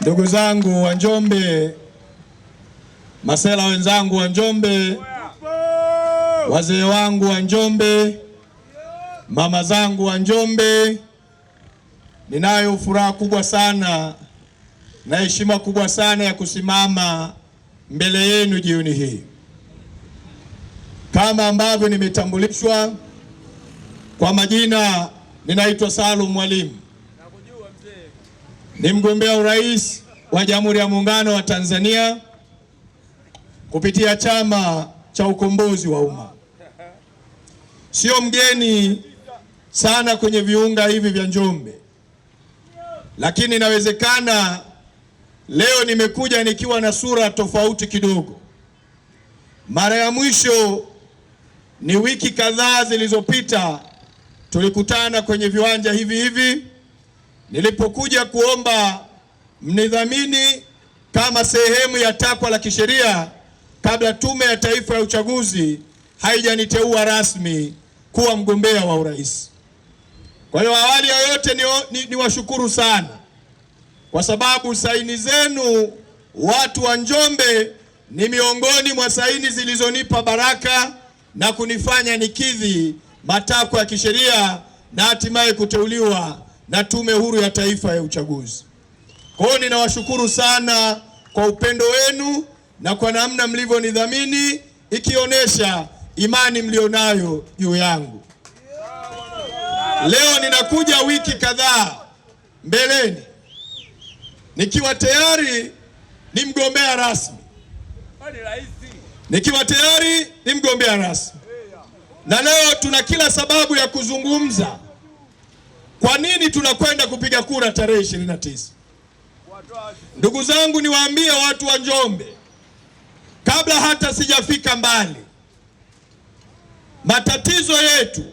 Ndugu zangu wa Njombe, masela wenzangu wa Njombe, wazee wangu wa Njombe, mama zangu wa Njombe, ninayo furaha kubwa sana na heshima kubwa sana ya kusimama mbele yenu jioni hii. Kama ambavyo nimetambulishwa kwa majina, ninaitwa Salum Mwalimu ni mgombea urais wa Jamhuri ya Muungano wa Tanzania kupitia Chama cha Ukombozi wa Umma. Sio mgeni sana kwenye viunga hivi vya Njombe, lakini inawezekana leo nimekuja nikiwa na sura tofauti kidogo. Mara ya mwisho ni wiki kadhaa zilizopita, tulikutana kwenye viwanja hivi hivi Nilipokuja kuomba mnidhamini kama sehemu ya takwa la kisheria kabla Tume ya Taifa ya Uchaguzi haijaniteua rasmi kuwa mgombea wa urais. Kwa hiyo awali ya yote niwashukuru ni, ni sana kwa sababu saini zenu watu wa Njombe ni miongoni mwa saini zilizonipa baraka na kunifanya nikidhi matakwa ya kisheria na hatimaye kuteuliwa na Tume Huru ya Taifa ya Uchaguzi. Kwa hiyo ninawashukuru sana kwa upendo wenu na kwa namna mlivyonidhamini ikionyesha imani mlionayo juu yangu. Leo ninakuja wiki kadhaa mbeleni nikiwa tayari ni mgombea rasmi, nikiwa tayari ni mgombea rasmi, na leo tuna kila sababu ya kuzungumza kwa nini tunakwenda kupiga kura tarehe 29? Ndugu zangu, niwaambie watu wa Njombe, kabla hata sijafika mbali, matatizo yetu,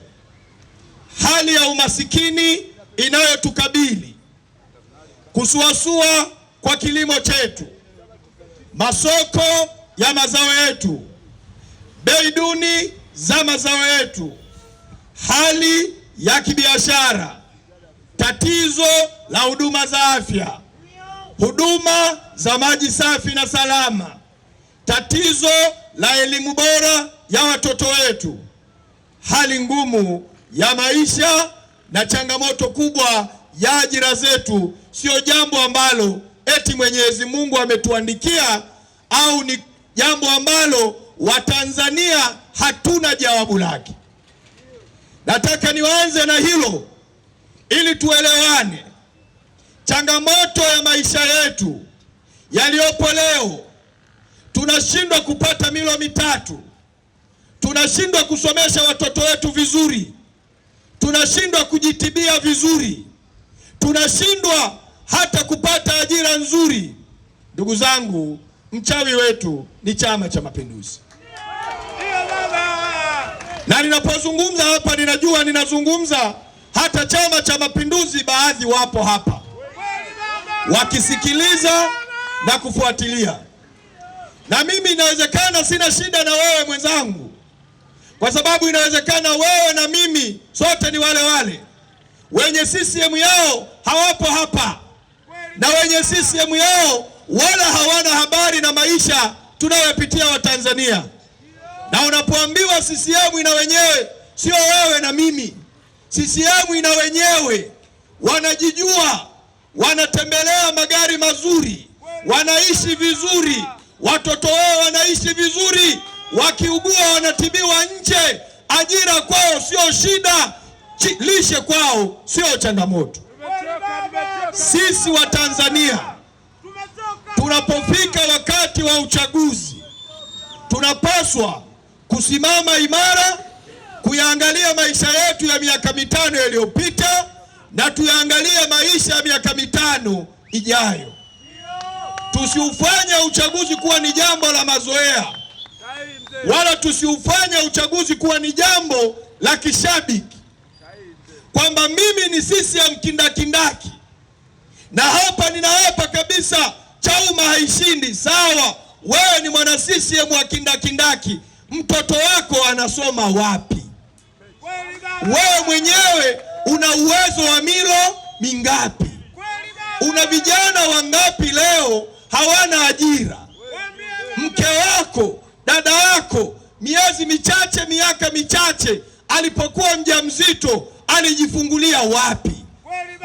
hali ya umasikini inayotukabili, kusuasua kwa kilimo chetu, masoko ya mazao yetu, bei duni za mazao yetu, hali ya kibiashara tatizo la huduma za afya, huduma za maji safi na salama, tatizo la elimu bora ya watoto wetu, hali ngumu ya maisha na changamoto kubwa ya ajira zetu, sio jambo ambalo eti Mwenyezi Mungu ametuandikia au ni jambo ambalo Watanzania hatuna jawabu lake. Nataka niwaanze na hilo ili tuelewane. Changamoto ya maisha yetu yaliyopo leo, tunashindwa kupata milo mitatu, tunashindwa kusomesha watoto wetu vizuri, tunashindwa kujitibia vizuri, tunashindwa hata kupata ajira nzuri. Ndugu zangu, mchawi wetu ni Chama cha Mapinduzi. Na ninapozungumza hapa, ninajua ninazungumza hata Chama cha Mapinduzi baadhi wapo hapa wakisikiliza na kufuatilia, na mimi inawezekana sina shida na wewe mwenzangu, kwa sababu inawezekana wewe na mimi sote ni wale wale wenye CCM yao hawapo hapa na wenye CCM yao wala hawana habari na maisha tunayopitia Watanzania, na unapoambiwa CCM ina wenyewe sio wewe na mimi. CCM ina wenyewe, wanajijua, wanatembelea magari mazuri, wanaishi vizuri, watoto wao wanaishi vizuri, wakiugua wanatibiwa nje. Ajira kwao sio shida, lishe kwao sio changamoto. Sisi wa Tanzania tunapofika wakati wa uchaguzi tunapaswa kusimama imara kuyaangalia maisha yetu ya miaka mitano yaliyopita na tuyaangalie maisha ya miaka mitano ijayo. Tusiufanye uchaguzi kuwa ni jambo la mazoea, wala tusiufanye uchaguzi kuwa ni jambo la kishabiki, kwamba mimi ni CCM kindakindaki na hapa ninaapa kabisa Chauma haishindi. Sawa, wewe ni mwana CCM wa kindakindaki, mtoto wako anasoma wapi? Wewe mwenyewe una uwezo wa milo mingapi? Una vijana wangapi leo hawana ajira? Mke wako, dada yako, miezi michache, miaka michache alipokuwa mjamzito alijifungulia wapi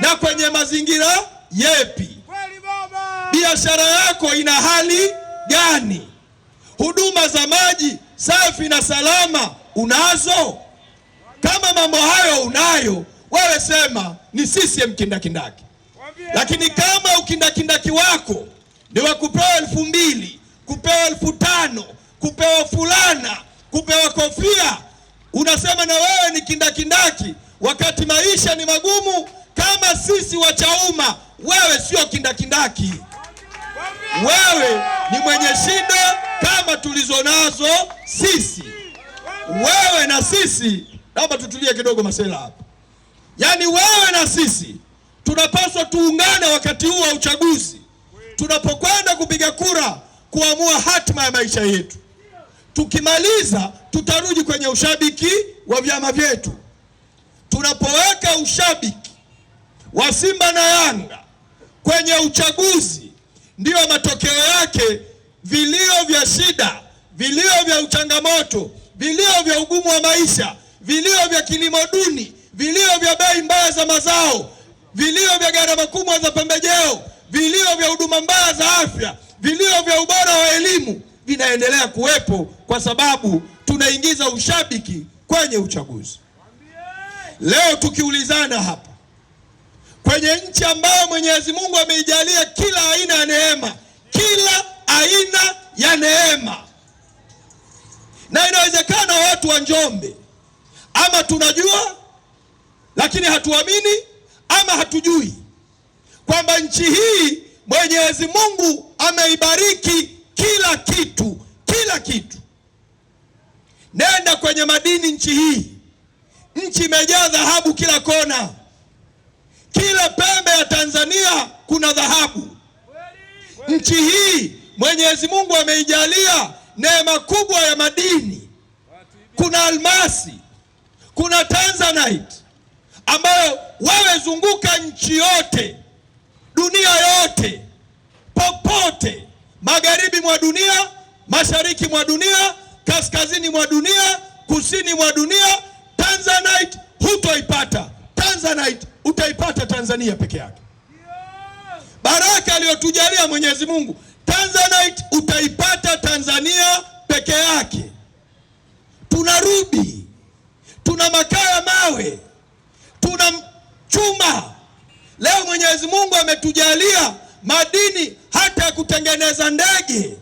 na kwenye mazingira yepi? Biashara yako ina hali gani? Huduma za maji safi na salama unazo? Kama mambo hayo unayo wewe, sema ni CCM kindakindaki. Lakini kama ukindakindaki wako ni wa kupewa elfu mbili, kupewa elfu tano, kupewa fulana, kupewa kofia, unasema na wewe ni kindakindaki, wakati maisha ni magumu kama sisi Wachauma. Wewe sio kindakindaki, wewe ni mwenye shida kama tulizonazo sisi, wewe na sisi Naomba tutulie kidogo masela hapa. Yaani wewe na sisi tunapaswa tuungane wakati huu wa uchaguzi, tunapokwenda kupiga kura kuamua hatima ya maisha yetu. Tukimaliza tutarudi kwenye ushabiki wa vyama vyetu. Tunapoweka ushabiki wa Simba na Yanga kwenye uchaguzi, ndiyo matokeo yake vilio vya shida, vilio vya uchangamoto, vilio vya ugumu wa maisha vilio vya kilimo duni, vilio vya bei mbaya za mazao, vilio vya gharama kubwa za pembejeo, vilio vya huduma mbaya za afya, vilio vya ubora wa elimu vinaendelea kuwepo kwa sababu tunaingiza ushabiki kwenye uchaguzi. Leo tukiulizana hapa kwenye nchi ambayo Mwenyezi Mungu ameijalia kila aina ya neema, kila aina ya neema, na inawezekana watu wa Njombe ama tunajua lakini hatuamini, ama hatujui kwamba nchi hii Mwenyezi Mungu ameibariki kila kitu, kila kitu. Nenda kwenye madini nchi hii, nchi imejaa dhahabu kila kona, kila pembe ya Tanzania kuna dhahabu. Nchi hii Mwenyezi Mungu ameijalia neema kubwa ya madini, kuna almasi kuna Tanzanite ambayo wewe zunguka nchi yote dunia yote popote, magharibi mwa dunia, mashariki mwa dunia, kaskazini mwa dunia, kusini mwa dunia, Tanzanite hutoipata. Tanzanite utaipata Tanzania peke yake. Baraka aliyotujalia Mwenyezi Mungu, Tanzanite utaipata Tanzania peke yake. Tuna rubi tuna makaa ya mawe, tuna chuma. Leo Mwenyezi Mungu ametujalia madini hata ya kutengeneza ndege,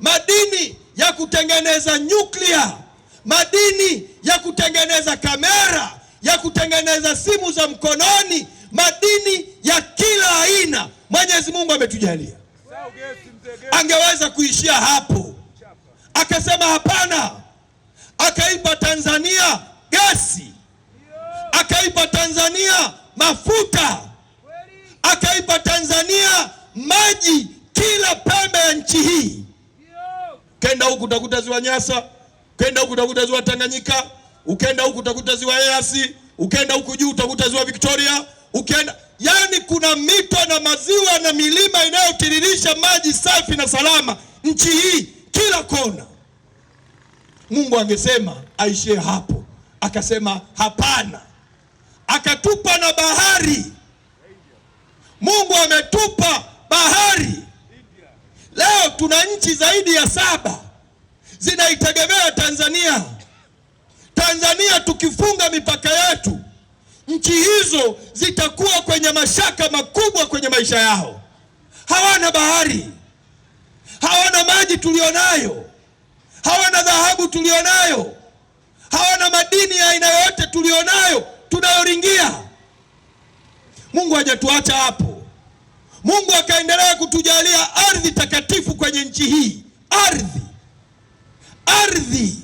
madini ya kutengeneza nyuklia, madini ya kutengeneza kamera, ya kutengeneza simu za mkononi, madini ya kila aina Mwenyezi Mungu ametujalia. Angeweza kuishia hapo, akasema hapana, akaipa Tanzania gesi, akaipa Tanzania mafuta, akaipa Tanzania maji, kila pembe ya nchi hii. Ukenda huku utakuta ziwa Nyasa, ukenda huku utakuta ziwa Tanganyika, ukenda huku utakuta ziwa Eyasi, ukenda huku juu utakuta ziwa Victoria, ukenda yani, kuna mito na maziwa na milima inayotiririsha maji safi na salama nchi hii kila kona. Mungu angesema aishie hapo akasema hapana, akatupa na bahari. Mungu ametupa bahari. Leo tuna nchi zaidi ya saba zinaitegemea Tanzania. Tanzania tukifunga mipaka yetu, nchi hizo zitakuwa kwenye mashaka makubwa kwenye maisha yao. Hawana bahari, hawana maji tulionayo, hawana dhahabu tulionayo hawana madini ya aina yoyote tulionayo tunayoringia. Mungu hajatuacha hapo. Mungu akaendelea kutujalia ardhi takatifu kwenye nchi hii, ardhi ardhi.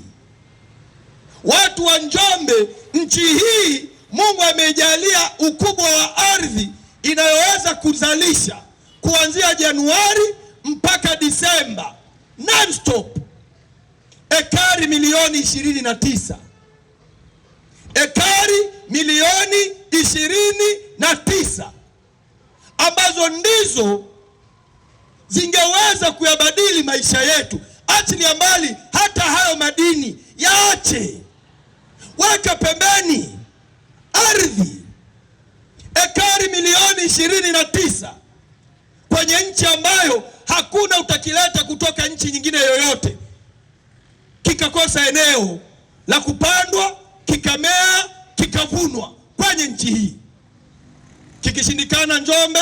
Watu wa Njombe, nchi hii Mungu amejalia ukubwa wa ardhi inayoweza kuzalisha kuanzia Januari mpaka Disemba non stop ekari milioni ishirini na tisa ekari milioni ishirini na tisa ambazo ndizo zingeweza kuyabadili maisha yetu. Achilia mbali hata hayo madini, yaache, weka pembeni ardhi, ekari milioni ishirini na tisa kwenye nchi ambayo hakuna utakileta kutoka nchi nyingine yoyote kikakosa eneo la kupandwa kikamea kikavunwa kwenye nchi hii. Kikishindikana Njombe,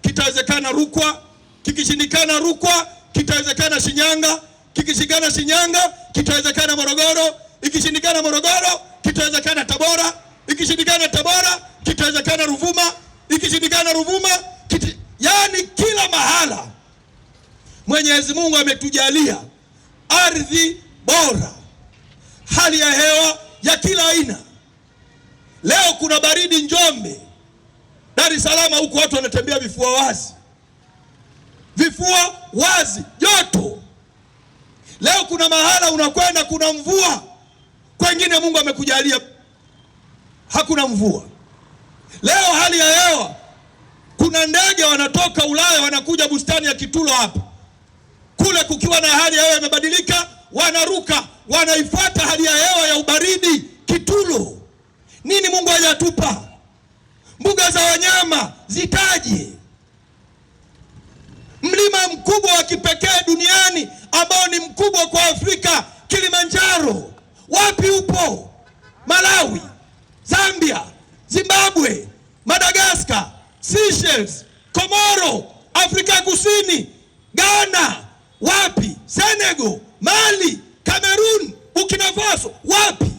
kitawezekana Rukwa, kikishindikana Rukwa, kitawezekana Shinyanga, kikishindikana Shinyanga, kitawezekana Morogoro, ikishindikana Morogoro, kitawezekana Tabora, ikishindikana Tabora, kitawezekana Ruvuma, ikishindikana Ruvuma kit... yani kila mahala Mwenyezi Mungu ametujalia ardhi bora, hali ya hewa ya kila aina. Leo kuna baridi Njombe, Dar es Salaam huko watu wanatembea vifua wazi, vifua wazi, joto. Leo kuna mahala unakwenda kuna mvua, kwengine Mungu amekujalia hakuna mvua. Leo hali ya hewa kuna ndege wanatoka Ulaya wanakuja bustani ya Kitulo hapa, kule kukiwa na hali ya hewa imebadilika wanaruka, wanaifuata hali ya hewa ya ubaridi, kitulo nini. Mungu hajatupa mbuga za wanyama zitaje, mlima mkubwa wa kipekee duniani ambao ni mkubwa kwa Afrika, Kilimanjaro, wapi upo? Malawi, Zambia, Zimbabwe, Madagaskar, Seychelles, Komoro, Afrika Kusini, Ghana, wapi? Senegal Mali, Kamerun, Burkina Faso, wapi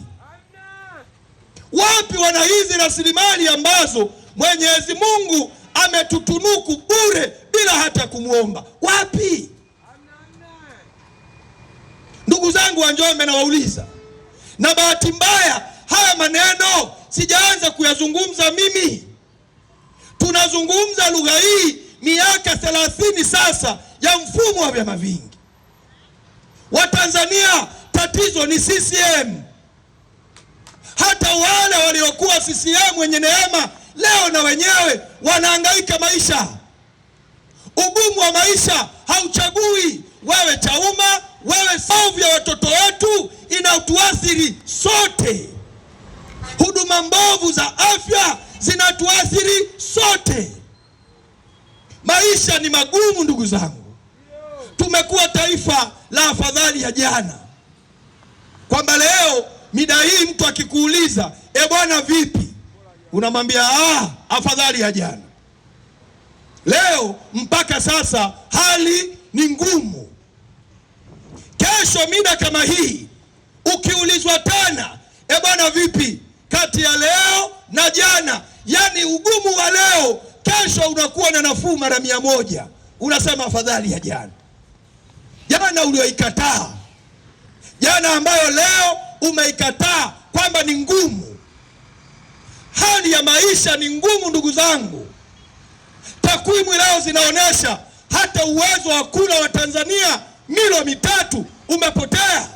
wapi wana hizi rasilimali ambazo Mwenyezi Mungu ametutunuku bure bila hata kumwomba? Wapi? Ndugu zangu wa Njombe, nawauliza. Na bahati mbaya haya maneno sijaanza kuyazungumza mimi, tunazungumza lugha hii miaka thelathini sasa ya mfumo wa vyama vingi. Watanzania, tatizo ni CCM. Hata wale waliokuwa CCM wenye neema leo na wenyewe wanahangaika maisha. Ugumu wa maisha hauchagui wewe, Chauma wewe, sauvu ya watoto wetu inatuathiri sote. Huduma mbovu za afya zinatuathiri sote. Maisha ni magumu, ndugu zangu tumekuwa taifa la afadhali ya jana, kwamba leo mida hii mtu akikuuliza e bwana, vipi, unamwambia ah, afadhali ya jana. Leo mpaka sasa hali ni ngumu. Kesho mida kama hii ukiulizwa tena, e bwana, vipi, kati ya leo na jana, yani ugumu wa leo, kesho unakuwa na nafuu mara mia moja, unasema afadhali ya jana jana ulioikataa, jana ambayo leo umeikataa kwamba ni ngumu. Hali ya maisha ni ngumu, ndugu zangu. Takwimu leo zinaonyesha hata uwezo wa kula wa Tanzania milo mitatu umepotea.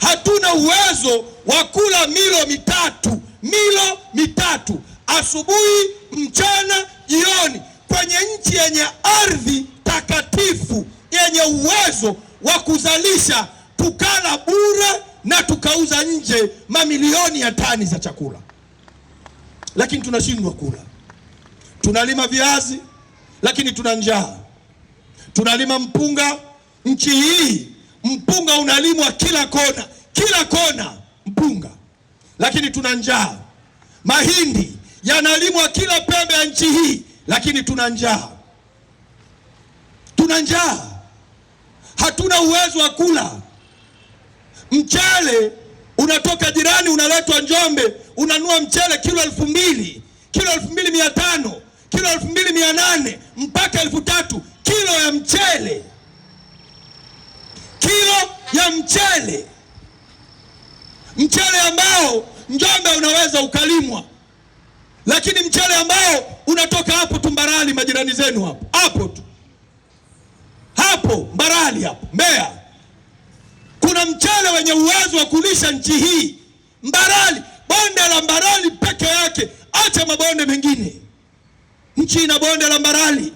Hatuna uwezo wa kula milo mitatu, milo mitatu asubuhi, mchana, jioni, kwenye nchi yenye ardhi takatifu yenye uwezo wa kuzalisha tukala bure na tukauza nje mamilioni ya tani za chakula, lakini tunashindwa kula. Tunalima viazi lakini tuna njaa. Tunalima mpunga. Nchi hii mpunga unalimwa kila kona, kila kona mpunga, lakini tuna njaa. Mahindi yanalimwa kila pembe ya nchi hii, lakini tuna njaa tuna njaa, hatuna uwezo wa kula. Mchele unatoka jirani unaletwa Njombe, unanua mchele kilo elfu mbili kilo elfu mbili mia tano kilo elfu mbili mia nane mpaka elfu tatu kilo ya mchele, kilo ya mchele, mchele ambao Njombe unaweza ukalimwa, lakini mchele ambao unatoka hapo Tumbarali majirani zenu hapo hapo tu hapo Mbarali hapo Mbeya kuna mchele wenye uwezo wa kulisha nchi hii Mbarali, bonde la Mbarali peke yake, acha mabonde mengine. Nchi ina bonde la Mbarali,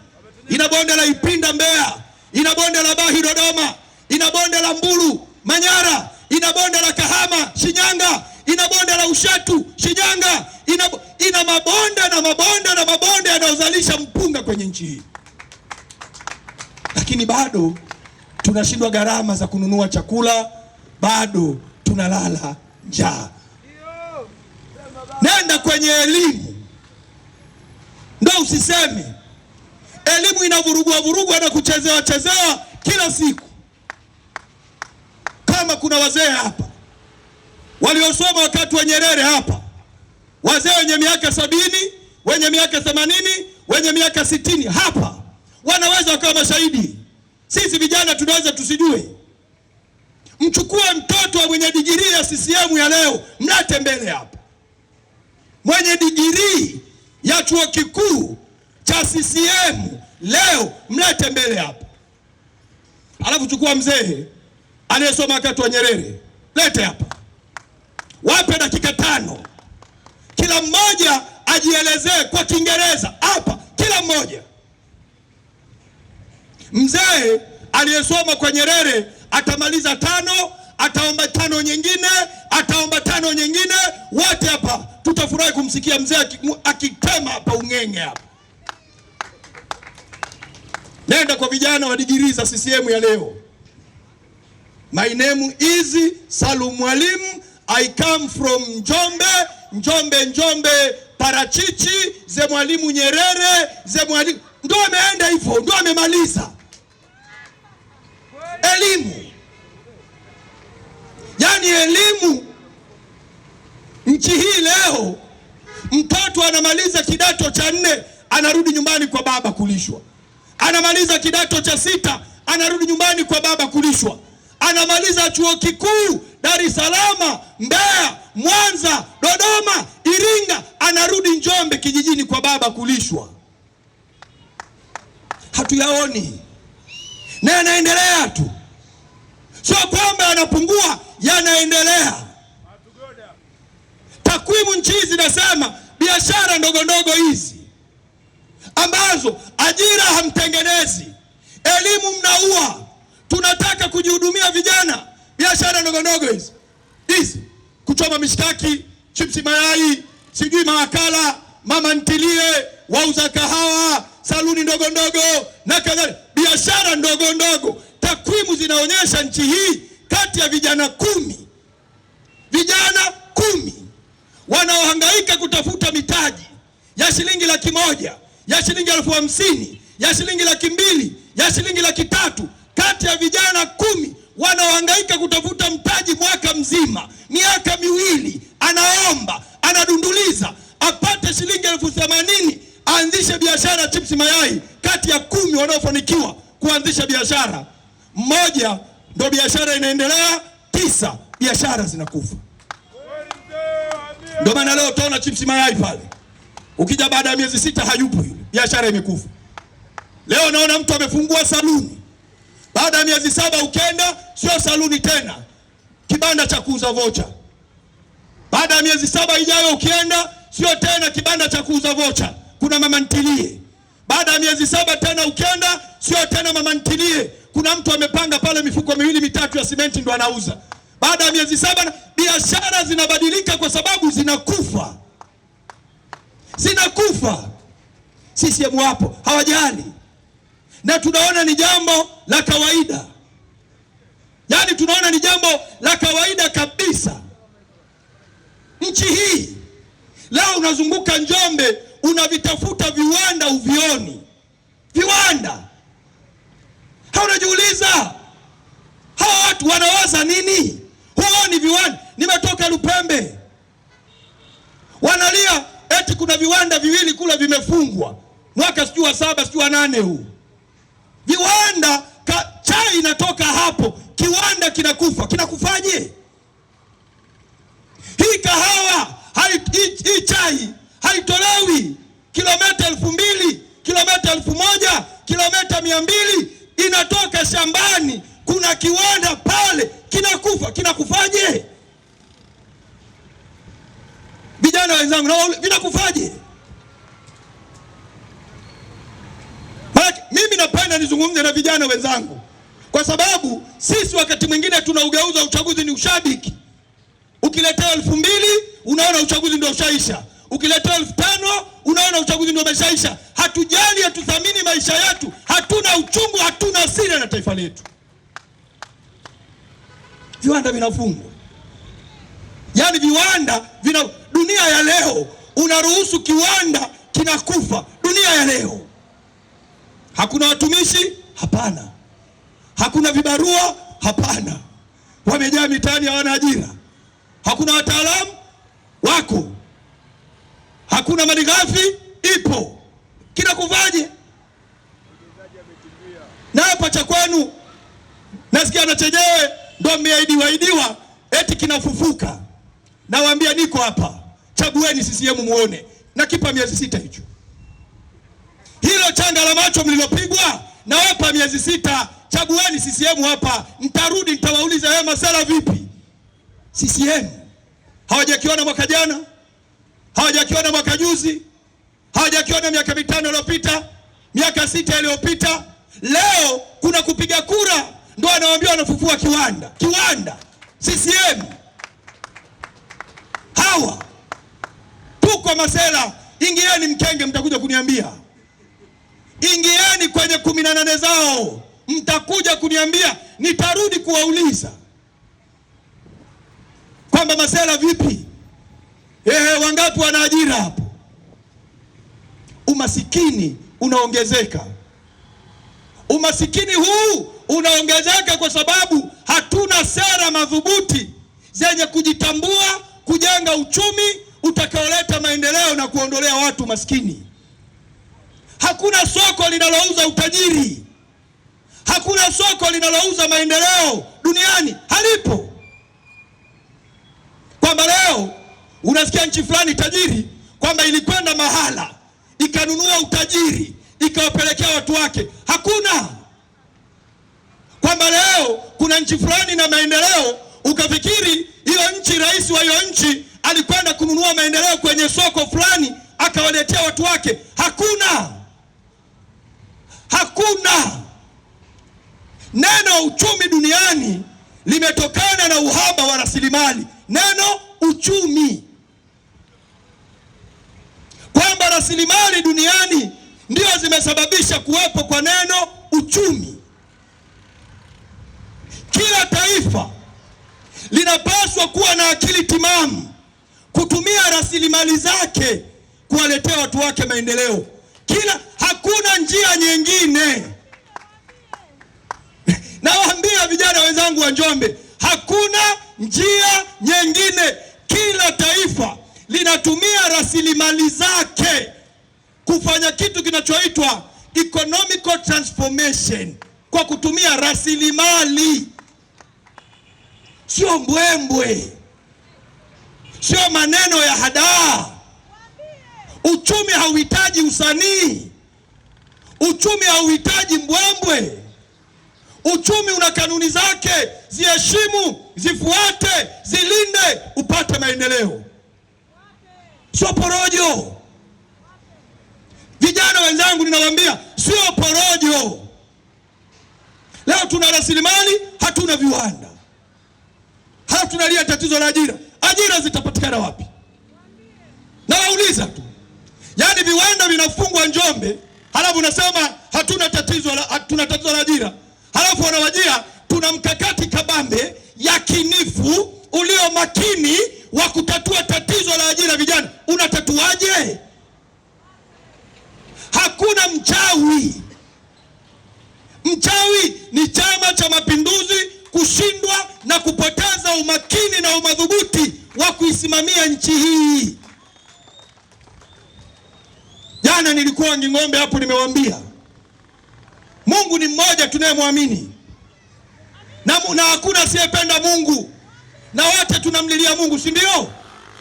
ina bonde la Ipinda Mbeya, ina bonde la Bahi Dodoma, ina bonde la Mbulu Manyara, ina bonde la Kahama Shinyanga, ina bonde la Ushatu Shinyanga, ina, ina mabonde na mabonde na mabonde yanayozalisha mpunga kwenye nchi hii lakini bado tunashindwa gharama za kununua chakula, bado tunalala njaa. Nenda kwenye elimu, ndo usiseme elimu inavurugwa vurugwa na kuchezewa chezewa kila siku. Kama kuna wazee hapa waliosoma wakati wa Nyerere hapa, wazee wenye miaka sabini, wenye miaka themanini, wenye miaka sitini hapa wanaweza wakawa mashahidi. Sisi vijana tunaweza tusijue. Mchukue mtoto wa mwenye digirii ya CCM ya leo, mlete mbele hapa. Mwenye digirii ya chuo kikuu cha CCM leo, mlete mbele hapa. Alafu chukua mzee anayesoma wakati wa Nyerere, lete hapa, wape dakika tano, kila mmoja ajielezee kwa Kiingereza hapa, kila mmoja Mzee aliyesoma kwa Nyerere atamaliza tano, ataomba tano nyingine, ataomba tano nyingine, wote hapa tutafurahi kumsikia mzee akitema hapa ung'enge hapa. Nenda kwa vijana wa digirii za CCM ya leo. My name is Salum Mwalimu. I come from Njombe, Njombe, Njombe parachichi ze Mwalimu Nyerere, ze Mwalimu ndo ameenda hivyo, ndo amemaliza elimu, yaani elimu. Nchi hii leo mtoto anamaliza kidato cha nne anarudi nyumbani kwa baba kulishwa, anamaliza kidato cha sita anarudi nyumbani kwa baba kulishwa, anamaliza chuo kikuu Dar es Salaam, Mbeya, Mwanza, Dodoma, Iringa, anarudi Njombe kijijini kwa baba kulishwa. Hatuyaoni na yanaendelea tu, sio kwamba yanapungua, yanaendelea. Takwimu nchi hizi zinasema biashara ndogo ndogo hizi ambazo ajira hamtengenezi, elimu mnaua, tunataka kujihudumia vijana, biashara ndogo ndogo hizi hizi, kuchoma mishikaki, chipsi, mayai, sijui mawakala, mama ntilie, wauza kahawa saluni ndogo ndogo na kadhalika, biashara ndogo ndogo. Takwimu zinaonyesha nchi hii kati ya vijana kumi, vijana kumi wanaohangaika kutafuta mitaji ya shilingi laki moja ya shilingi elfu hamsini ya shilingi laki mbili ya shilingi laki tatu kati ya vijana kumi wanaohangaika kutafuta mtaji mwaka mzima, miaka miwili Mayai, kati ya kumi wanaofanikiwa kuanzisha biashara, mmoja ndo biashara inaendelea, tisa biashara zinakufa. Ndio maana leo utaona chipsi mayai pale, ukija baada ya miezi sita hayupo yule, biashara imekufa. Leo naona mtu amefungua saluni, baada ya miezi saba ukenda, sio saluni tena, kibanda cha kuuza vocha. Baada ya miezi saba ijayo ukienda, sio tena kibanda cha kuuza vocha, kuna mama ntilie baada ya miezi saba tena ukienda, sio tena mama ntilie, kuna mtu amepanga pale mifuko miwili mitatu ya simenti ndo anauza. Baada ya miezi saba, biashara zinabadilika kwa sababu zinakufa, zinakufa. CCM wapo hawajali, na tunaona ni jambo la kawaida, yaani tunaona ni jambo la kawaida kabisa nchi hii. Leo unazunguka Njombe unavitafuta viwanda uvioni, viwanda. Haunajiuliza hawa watu wanawaza nini? Huoni viwanda? Nimetoka Lupembe, wanalia eti kuna viwanda viwili kule vimefungwa mwaka sijui wa saba sijui wa nane huu. Viwanda ka, chai inatoka hapo, kiwanda kinakufa, kinakufaje? Hii kahawa hii chai haitolewi kilomita elfu mbili kilomita elfu moja kilomita mia mbili inatoka shambani, kuna kiwanda pale kinakufa. Kinakufaje vijana wenzangu? Vinakufaje? Mimi napenda nizungumze na vijana wenzangu, kwa sababu sisi wakati mwingine tunaugeuza uchaguzi ni ushabiki. Ukiletea elfu mbili unaona uchaguzi ndio ushaisha. Ukiletea elfu tano unaona uchaguzi ndio umeshaisha. Hatujali, hatuthamini maisha yetu, hatuna uchungu, hatuna hasira na taifa letu. Viwanda vinafungwa, yaani viwanda vina, dunia ya leo unaruhusu kiwanda kinakufa. Dunia ya leo hakuna watumishi, hapana. Hakuna vibarua, hapana. Wamejaa mitaani, hawana ajira. Hakuna wataalamu, wako hakuna malighafi ipo, Na hapa cha kwenu nasikia na chenyewe ndo mmeahidiwaidiwa eti kinafufuka. Nawaambia niko hapa, chagueni CCM muone, nakipa miezi sita hicho hilo changa la macho mlilopigwa, nawapa miezi sita. Chagueni CCM hapa, mtarudi, nitawauliza wewe masala vipi CCM hawajakiona mwaka jana hawajakiona mwaka juzi, hawajakiona miaka mitano iliyopita, miaka sita iliyopita. Leo kuna kupiga kura, ndo anawaambia wanafufua kiwanda. Kiwanda CCM hawa tuko masela. Ingieni mkenge, mtakuja kuniambia. Ingieni kwenye kumi na nane zao, mtakuja kuniambia, nitarudi kuwauliza kwamba masela vipi Ehe, wangapi wana ajira hapo? Umasikini unaongezeka. Umasikini huu unaongezeka kwa sababu hatuna sera madhubuti zenye kujitambua, kujenga uchumi utakaoleta maendeleo na kuondolea watu maskini. Hakuna soko linalouza utajiri, hakuna soko linalouza maendeleo duniani, halipo. Kwamba leo Unasikia nchi fulani tajiri kwamba ilikwenda mahala ikanunua utajiri ikawapelekea watu wake. Hakuna kwamba leo kuna nchi fulani na maendeleo, ukafikiri hiyo nchi, rais wa hiyo nchi alikwenda kununua maendeleo kwenye soko fulani akawaletea watu wake. Hakuna, hakuna. Neno uchumi duniani limetokana na uhaba wa rasilimali. Neno uchumi kwamba rasilimali duniani ndio zimesababisha kuwepo kwa neno uchumi. Kila taifa linapaswa kuwa na akili timamu kutumia rasilimali zake kuwaletea watu wake maendeleo. Kila hakuna njia nyingine. Nawaambia vijana wenzangu wa Njombe, hakuna njia nyingine. Kila taifa linatumia rasilimali zake yake kufanya kitu kinachoitwa economical transformation kwa kutumia rasilimali, sio mbwembwe, sio maneno ya hadaa. Uchumi hauhitaji usanii, uchumi hauhitaji mbwembwe. Uchumi una kanuni zake, ziheshimu, zifuate, zilinde, upate maendeleo, sio porojo nakwambia sio porojo. Leo tuna rasilimali, hatuna viwanda, halafu tunalia tatizo la ajira. Ajira zitapatikana wapi? Nawauliza tu, yaani viwanda vinafungwa Njombe, halafu unasema hatuna tatizo la, hatuna tatizo la ajira, halafu wanawajia tuna mkakati kabambe yakinifu ulio makini wa kutatua tatizo la ajira vijana. Unatatuaje? hakuna mchawi. Mchawi ni Chama cha Mapinduzi kushindwa na kupoteza umakini na umadhubuti wa kuisimamia nchi hii. Jana nilikuwa Nging'ombe hapo, nimewaambia Mungu ni mmoja tunayemwamini na hakuna asiyependa Mungu na wote tunamlilia Mungu, si ndio?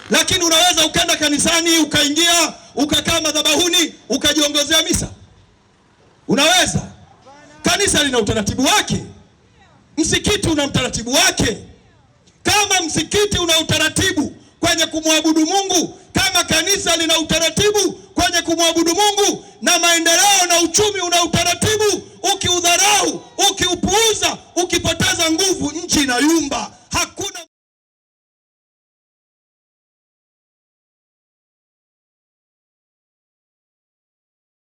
Lakini unaweza ukaenda kanisani ukaingia ukakaa madhabahuni ukajiongozea misa? Unaweza. Kanisa lina utaratibu wake, msikiti una utaratibu wake. Kama msikiti una utaratibu kwenye kumwabudu Mungu, kama kanisa lina utaratibu kwenye kumwabudu Mungu, na maendeleo na uchumi una utaratibu, ukiudharau, ukiupuuza, ukipoteza nguvu, nchi inayumba. Hakuna